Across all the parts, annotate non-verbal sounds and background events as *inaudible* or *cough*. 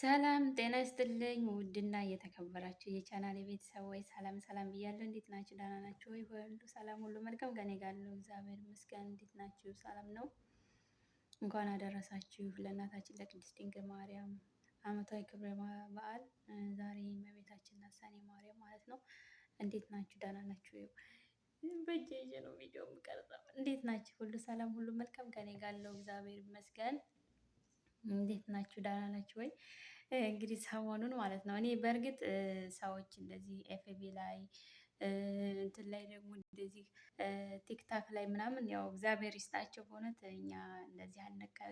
ሰላም ጤና ይስጥልኝ። ውድና እየተከበራችሁ የቻናል ወይ ሰላም ሰላም ብያለሁ። እንዴት ናችሁ? ደህና ናችሁ ወይ? ሁሉ ሰላም፣ ሁሉ መልካም ከኔ ጋር ነው፣ እግዚአብሔር ይመስገን። እንዴት ናችሁ? ሰላም ነው። እንኳን አደረሳችሁ ለእናታችን ለቅድስት ድንግል ማርያም ዓመታዊ ክብረ በዓል። ዛሬ እመቤታችን ልሳኔ ማርያም ማለት ነው። እንዴት ናችሁ? ደህና ናችሁ? በእጄ ነው ቪዲዮ የምቀርጸው። እንዴት ናችሁ? ሁሉ ሰላም፣ ሁሉ መልካም ከኔ ጋር ነው፣ እግዚአብሔር ይመስገን። እንዴት ናችሁ? ደህና ናችሁ ወይ? እንግዲህ ሰሞኑን ማለት ነው እኔ በእርግጥ ሰዎች እንደዚህ ኤፍቢ ላይ እንትን ላይ ደግሞ እንደዚህ ቲክታክ ላይ ምናምን ያው እግዚአብሔር ይስጣቸው በእውነት እኛ እንደዚህ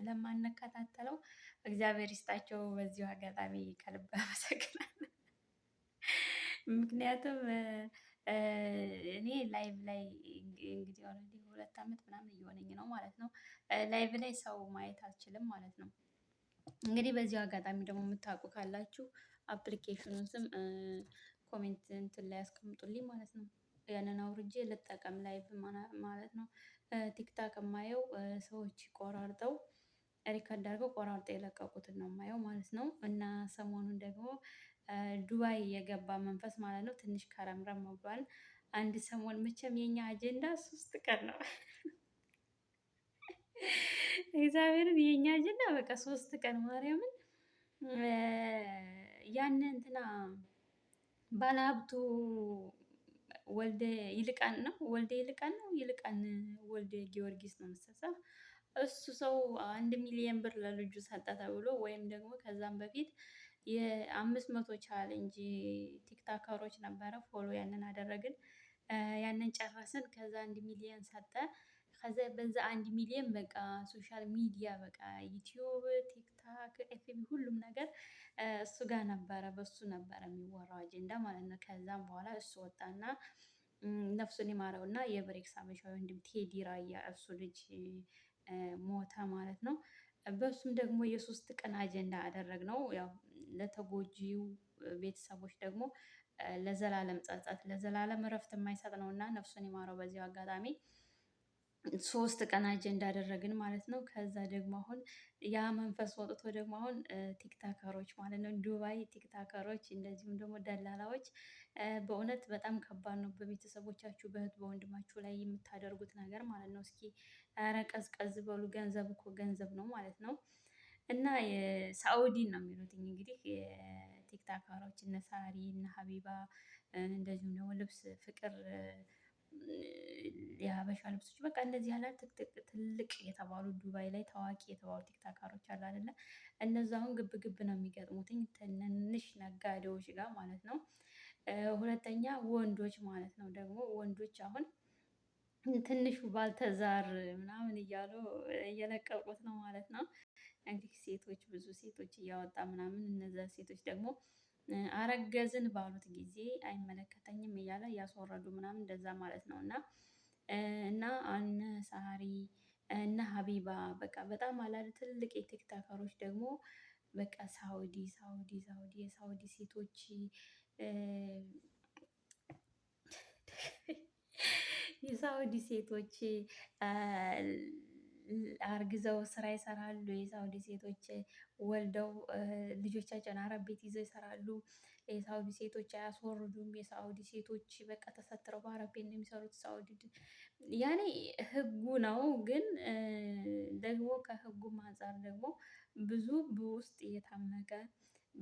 ለማንከታተለው እግዚአብሔር ይስጣቸው። በዚሁ አጋጣሚ ከልብ *laughs* አመሰግናለሁ። ምክንያቱም እኔ ላይቭ ላይ እንግዲህ ሁለት ዓመት ምናምን እየሆነኝ ነው ማለት ነው። ላይቭ ላይ ሰው ማየት አልችልም ማለት ነው። እንግዲህ በዚሁ አጋጣሚ ደግሞ የምታውቁ ካላችሁ አፕሊኬሽኑን ስም ኮሜንት እንትን ላይ ያስቀምጡልኝ ማለት ነው። ያንን አውርጄ ልጠቀም ላይቭ ማለት ነው። ቲክታክ የማየው ሰዎች ቆራርጠው ሪከርድ አድርገው ቆራርጠው የለቀቁትን ነው የማየው ማለት ነው። እና ሰሞኑን ደግሞ ዱባይ የገባ መንፈስ ማለት ነው ትንሽ ከረምረም ብሏል። አንድ ሰሞን መቼም የኛ አጀንዳ ሶስት ቀን ነው። እግዚአብሔርን የእኛ ጅና በቃ ሶስት ቀን ማርያምን ያን እንትና ባለሀብቱ ወልደ ይልቃን ነው ወልደ ይልቃን ነው ይልቃን ወልደ ጊዮርጊስ ነው መሰለኝ። እሱ ሰው አንድ ሚሊዮን ብር ለልጁ ሰጠ ተብሎ ወይም ደግሞ ከዛም በፊት የአምስት መቶ ቻሌንጅ ቲክታከሮች ነበረ ፎሎ ያንን አደረግን፣ ያንን ጨረስን። ከዛ አንድ ሚሊዮን ሰጠ። ከዛ በዛ አንድ ሚሊየን በቃ ሶሻል ሚዲያ በቃ ዩቲዩብ፣ ቲክታክ፣ ኤፍኤም ሁሉም ነገር እሱ ጋር ነበረ በሱ ነበረ የሚወራው አጀንዳ ማለት ነው። ከዛም በኋላ እሱ ወጣና ነፍሱን ይማረውና የብሬክስ አበሻ ወንድም ቴዲ ራያ እሱ ልጅ ሞተ ማለት ነው። በሱም ደግሞ የሶስት ቀን አጀንዳ ነው። ያው ለተጎጂው ቤተሰቦች ደግሞ ለዘላለም ጸጸት፣ ለዘላለም እረፍት የማይሰጥ ነው እና ነፍሱን ይማረው በዚሁ አጋጣሚ ሶስት ቀን አጀንዳ አደረግን ማለት ነው። ከዛ ደግሞ አሁን ያ መንፈስ ወጥቶ ደግሞ አሁን ቲክታከሮች ማለት ነው ዱባይ ቲክታከሮች፣ እንደዚሁም ደግሞ ደላላዎች በእውነት በጣም ከባድ ነው። በቤተሰቦቻችሁ በእህት በወንድማችሁ ላይ የምታደርጉት ነገር ማለት ነው። እስኪ ኧረ ቀዝቀዝ በሉ። ገንዘብ እኮ ገንዘብ ነው ማለት ነው። እና ሳኡዲን ነው የሚሉት እንግዲህ የቲክታከሮች እነ ሳሪ እነ ሀቢባ እንደዚሁም ደግሞ ልብስ ፍቅር የሀበሻ ልብሶች በቃ እንደዚህ ያለ ትልቅ የተባሉ ዱባይ ላይ ታዋቂ የተባሉ ቲክታካሮች አሉ አይደለ? እነዛ አሁን ግብ ግብ ነው የሚገጥሙትኝ ትንንሽ ነጋዴዎች ጋር ማለት ነው። ሁለተኛ ወንዶች ማለት ነው ደግሞ ወንዶች አሁን ትንሹ ባልተዛር ምናምን እያሉ እየለቀቁት ነው ማለት ነው። እንግዲህ ሴቶች ብዙ ሴቶች እያወጣ ምናምን እነዛ ሴቶች ደግሞ አረገዝን ባሉት ጊዜ አይመለከተኝም እያለ እያስወረዱ ምናምን እንደዛ ማለት ነው እና እና አነ ሳሪ እና ሀቢባ በቃ በጣም አላል ትልቅ የቲክቶከሮች ደግሞ በቃ ሳውዲ ሳውዲ ሳውዲ የሳውዲ ሴቶች የሳውዲ ሴቶች አርግዘው ስራ ይሰራሉ። የሳውዲ ሴቶች ወልደው ልጆቻቸውን አረብ ቤት ይዘው ይሰራሉ። የሳውዲ ሴቶች አያስወርዱም። የሳውዲ ሴቶች በቃ ተሰትረው በአረብ ቤት ነው የሚሰሩት። ሳውዲ ያኔ ህጉ ነው። ግን ደግሞ ከህጉም አንፃር ደግሞ ብዙ በውስጥ የታመቀ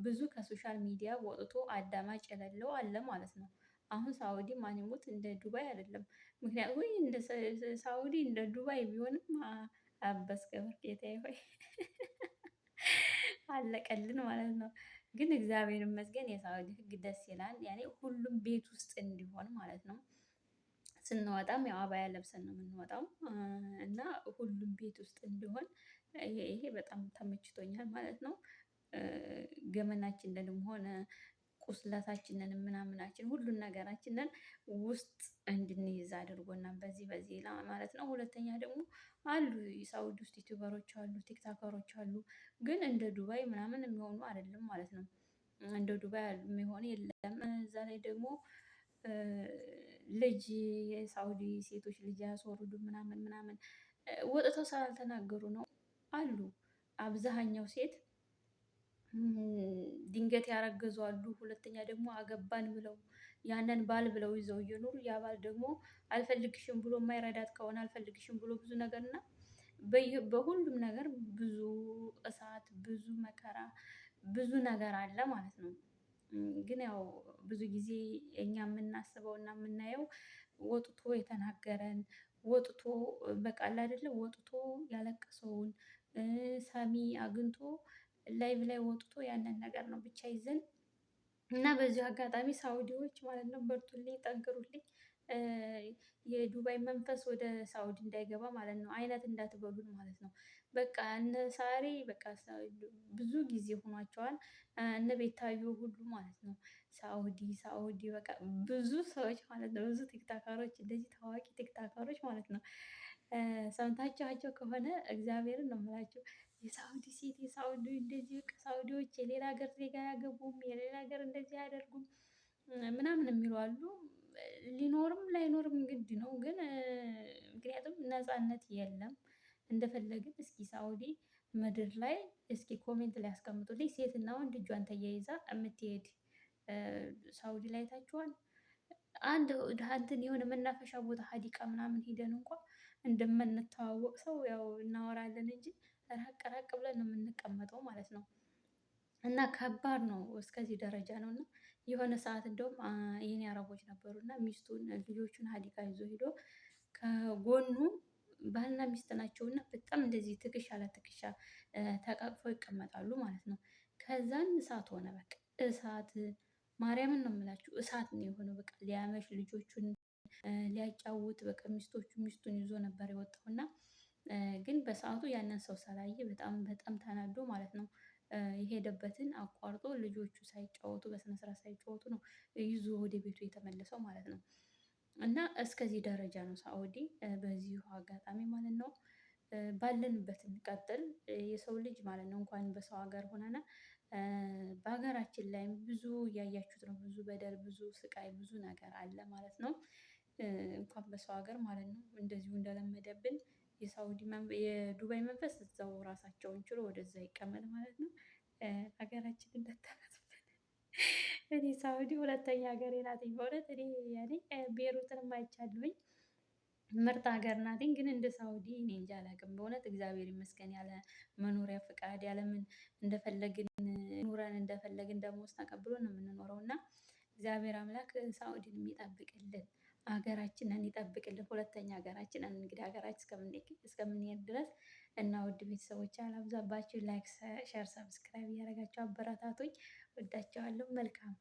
ብዙ ከሶሻል ሚዲያ ወጥቶ አዳማጭ የሌለው አለ ማለት ነው አሁን ሳውዲ ማን እንደ ዱባይ አይደለም። ምክንያቱም ወይ እንደ ሳውዲ እንደ ዱባይ ቢሆንም አበስ ገበር ጌታ ሆይ *laughs* አለቀልን ማለት ነው። ግን እግዚአብሔር ይመስገን የሳውዲ ህግ ደስ ይላል። ያኔ ሁሉም ቤት ውስጥ እንዲሆን ማለት ነው። ስንወጣም ያው አባያ ለብሰን ነው የምንወጣው እና ሁሉም ቤት ውስጥ እንዲሆን ይሄ በጣም ተመችቶኛል ማለት ነው። ገመናችን እንደንም ሆነ ቁስለታችንን ምናምናችን ሁሉን ነገራችንን ውስጥ እንድንይዝ አድርጎናል። በዚህ በዚህ ማለት ነው። ሁለተኛ ደግሞ አሉ የሳውዲ ውስጥ ዩቲዩበሮች አሉ፣ ቲክታከሮች አሉ። ግን እንደ ዱባይ ምናምን የሚሆኑ አይደለም ማለት ነው። እንደ ዱባይ የሚሆን የለም። እዛ ላይ ደግሞ ልጅ የሳውዲ ሴቶች ልጅ ያስወርዱ ምናምን ምናምን ወጥተው ስላልተናገሩ ነው አሉ አብዛሀኛው ሴት ድንገት ያረገዙ አሉ። ሁለተኛ ደግሞ አገባን ብለው ያንን ባል ብለው ይዘው እየኖሩ ያ ባል ደግሞ አልፈልግሽም ብሎ የማይረዳት ከሆነ አልፈልግሽም ብሎ ብዙ ነገር እና በሁሉም ነገር ብዙ እሳት ብዙ መከራ ብዙ ነገር አለ ማለት ነው። ግን ያው ብዙ ጊዜ እኛ የምናስበው እና የምናየው ወጥቶ የተናገረን ወጥቶ በቃ አለ ወጥቶ ያለቀሰውን ሰሚ አግኝቶ ላይቭ ላይ ወጥቶ ያንን ነገር ነው ብቻ ይዘን እና በዚሁ አጋጣሚ ሳውዲዎች ማለት ነው በርቱልኝ፣ ጠንክሩልኝ። የዱባይ መንፈስ ወደ ሳውዲ እንዳይገባ ማለት ነው። አይነት እንዳትበሉን ማለት ነው። በቃ እነ ሳሪ በቃ ብዙ ጊዜ ሆኗቸዋል። እነ ቤታዩ ሁሉ ማለት ነው። ሳውዲ ሳውዲ በቃ ብዙ ሰዎች ማለት ነው። ብዙ ቲክታካሮች እንደዚህ ታዋቂ ቲክታካሮች ማለት ነው። ሰምታችኋቸው ከሆነ እግዚአብሔርን ነው የምላችሁ። የሳውዲ ሴት የሳውዲ እንደዚህ ሳውዲዎች የሌላ ሀገር ዜጋ አያገቡም፣ የሌላ ሀገር እንደዚህ አያደርጉም ምናምን የሚሉ አሉ። ሊኖርም ላይኖርም ግድ ነው። ግን ምክንያቱም ነፃነት የለም። እንደፈለግን እስኪ ሳውዲ ምድር ላይ እስኪ ኮሜንት ላይ ያስቀምጡልኝ። ሴትና ወንድ እጇን ተያይዛ የምትሄድ ሳውዲ ላይ ታችኋል። አንድ እንትን የሆነ መናፈሻ ቦታ ሀዲቃ ምናምን ሂደን እንኳ እንደምንተዋወቅ ሰው ያው እናወራለን እንጂ ራቅ ራቅ ብለን ነው የምንቀመጠው ማለት ነው። እና ከባድ ነው እስከዚህ ደረጃ ነው። እና የሆነ ሰዓት እንደውም የኔ አረቦች ነበሩ እና ሚስቱን ልጆቹን ሀዲቃ ይዞ ሄዶ ከጎኑ ባልና ሚስት ናቸው እና በጣም እንደዚህ ትከሻ ለትከሻ ተቃቅፎ ይቀመጣሉ ማለት ነው። ከዛን እሳት ሆነ በቃ እሳት ማርያምን ነው የምላችሁ እሳት ነው የሆነው። በቃ ሊያመሽ ልጆቹን ሊያጫውት በቃ ሚስቶቹ ሚስቱን ይዞ ነበር የወጣው እና ግን በሰዓቱ ያንን ሰው ሳላየ በጣም በጣም ተናዶ ማለት ነው የሄደበትን አቋርጦ ልጆቹ ሳይጫወቱ በስነ ሳይጫወቱ ነው ይዞ ወደ ቤቱ የተመለሰው ማለት ነው። እና እስከዚህ ደረጃ ነው ሳኡዲ በዚሁ አጋጣሚ ማለት ነው። ባለንበት እንቀጥል የሰው ልጅ ማለት ነው እንኳን በሰው ሀገር ሆነና በሀገራችን ላይም ብዙ እያያችሁት ነው ብዙ በደል ብዙ ስቃይ ብዙ ነገር አለ ማለት ነው። እንኳን በሰው ሀገር ማለት ነው እንደዚሁ እንደለመደብን የሳውዲ የዱባይ መንፈስ እዛው ራሳቸውን ችሎ ወደዛ ይቀመጥ ማለት ነው። ሀገራችን እንደተራስበት *laughs* እኔ ሳውዲ ሁለተኛ ሀገሬ ናትኝ። በእውነት እኔ ያኔ ቤሩትን አይቻለሁኝ። ምርጥ ሀገር ናትኝ። ግን እንደ ሳውዲ እኔ እንጃ አላውቅም። በእውነት እግዚአብሔር ይመስገን ያለ መኖሪያ ፈቃድ ያለምን እንደፈለግን ኑረን እንደፈለግን ደግሞ ተቀብሎ ነው የምንኖረው እና እግዚአብሔር አምላክ ሳውዲን የሚጠብቅልን ሀገራችንን ይጠብቅልን። ሁለተኛ ሀገራችንን እንግዲህ ሀገራችን እስከምንሄድ ድረስ እና ውድ ቤተሰቦች አላብዛባችሁ። ላይክ፣ ሸር፣ ሰብስክራይብ እያደረጋችሁ አበረታቱኝ። ወዳችኋለሁ። መልካም